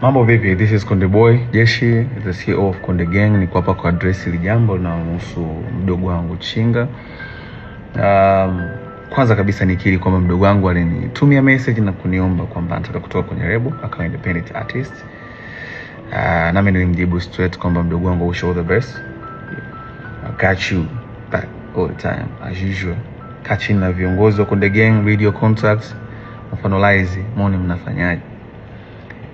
Mambo vipi? This is Konde Boy Jeshi, the CEO of Konde Gang. Niko hapa kwa address hili jambo linalohusu mdogo wangu Chinga. Um, kwanza kabisa nikiri kwamba mdogo wangu alinitumia message na kuniomba kwamba anataka kutoka kwenye lebo akawa independent artist. Uh, nami nilimjibu straight kwamba mdogo wangu wish all the best. I catch you back all the time as usual. Catch in na viongozi wa Konde Gang, radio contacts, mfano Lies, mbona mnafanyaje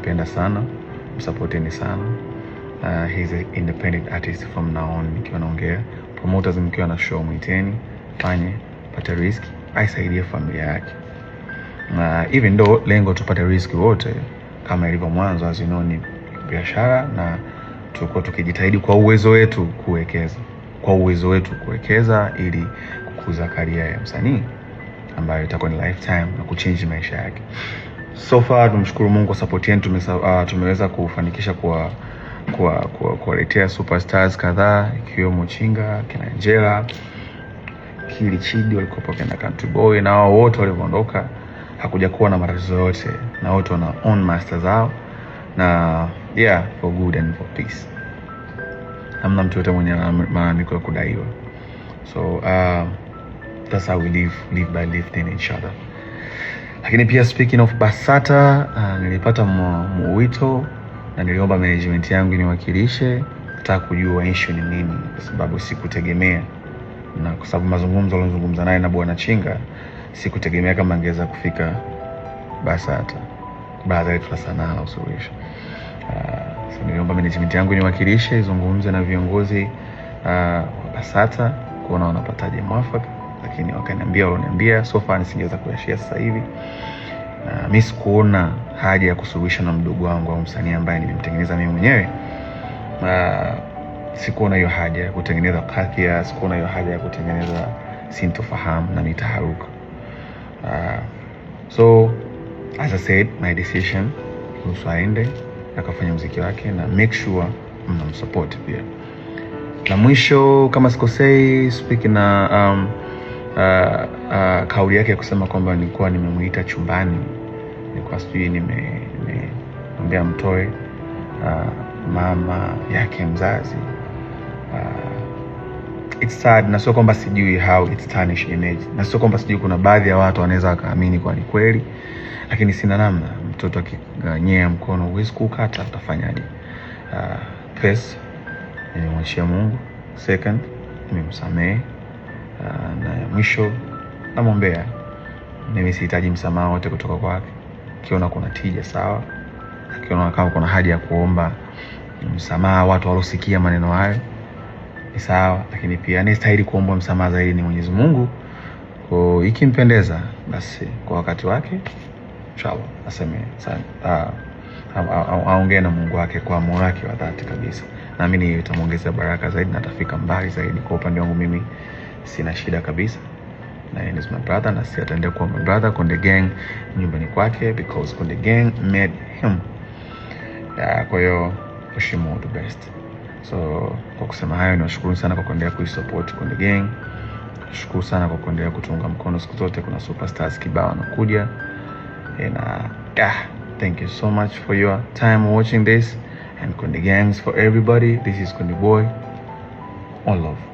nampenda sana, msupporteni sana. Uh, he's an independent artist from now on. Nikiwa naongea promoters, mkiwa na show mwiteni, fanye pata risk, aisaidie familia yake. na Uh, even though lengo tupate risk wote kama ilivyo mwanzo, as you know, ni biashara na tulikuwa tukijitahidi kwa uwezo wetu kuwekeza kwa uwezo wetu kuwekeza ili kukuza karia ya msanii ambayo itakuwa ni lifetime na kuchange maisha yake. So far tumshukuru Mungu kwa support yetu uh, tumeweza kufanikisha kwa kuwaletea superstars kadhaa ikiwemo Chinga, kina njela Kili Chidi walikuwa kina Country Boy na wao wote walivyoondoka hakuja kuwa na matatizo yote na wote wana own master zao na yeah for good and for peace. Hamna mtu yote mwenye malalamiko ya kudaiwa. So uh, that's how we live, live by lifting each other. Lakini pia speaking of BASATA uh, nilipata mwito na niliomba management yangu niwakilishe, nataka kujua issue ni nini, kwa sababu sikutegemea, na kwa sababu mazungumzo alizungumza naye na bwana Chinga, sikutegemea kama angeweza kufika BASATA, baada ya sanaa na usuluhisho uh, so niliomba management yangu niwakilishe, izungumze na viongozi uh, wa BASATA kuona wanapataje mwafaka lakini wakaniambia waloniambia so far nisingeweza kuyashia sasa hivi. Na ah, mi sikuona haja ya kusuluhisha na mdogo wangu au msanii ambaye nimemtengeneza mimi mwenyewe. Ah, sikuona hiyo haja ya kutengeneza kathia sikuona hiyo haja ya kutengeneza sintofahamu na mitaharuka. Uh, so as I said my decision kuhusu aende akafanya mziki wake na make sure mnamsupport pia. Na mwisho kama sikosei, speaking na um, uh, uh, kauli yake ya kusema kwamba nilikuwa nimemuita chumbani, nilikuwa sijui nimeambia nime mtoe uh, mama yake mzazi uh, it's sad, na sio kwamba sijui how it's tarnish image, na sio kwamba sijui, kuna baadhi ya watu wanaweza wakaamini kwa ni kweli, lakini sina namna. Mtoto akinyea mkono huwezi kuukata, utafanyaje? Uh, first nimemwachia Mungu, second nimemsamehe Ah, na mwisho namwombea. Mimi sihitaji msamaha wote kutoka kwake. Akiona kuna tija sawa, akiona kama kuna haja ya kuomba msamaha watu walosikia maneno hayo ni sawa, lakini pia anayestahili kuomba msamaha zaidi ni Mwenyezi Mungu. Kwa ikimpendeza, basi kwa wakati wake chalo aseme ah, aongee na Mungu wake kwa moyo wake wa dhati kabisa, naamini itamwongezea baraka zaidi na atafika mbali zaidi. Kwa upande wangu mimi sina shida kabisa na yeye is my brother na sisi ataendea kuwa my brother. Konde Gang nyumbani kwake because Konde Gang made him. Ya, kwa hiyo heshimu the best. So kwa kusema hayo, niwashukuru sana kwa kuendelea kuisupport Konde Gang. Shukuru sana kwa kuendelea kutunga mkono siku zote, kuna superstars kibao wanakuja. Na yeah, uh, thank you so much for your time watching this and Konde Gangs for everybody. This is Konde Boy. All love.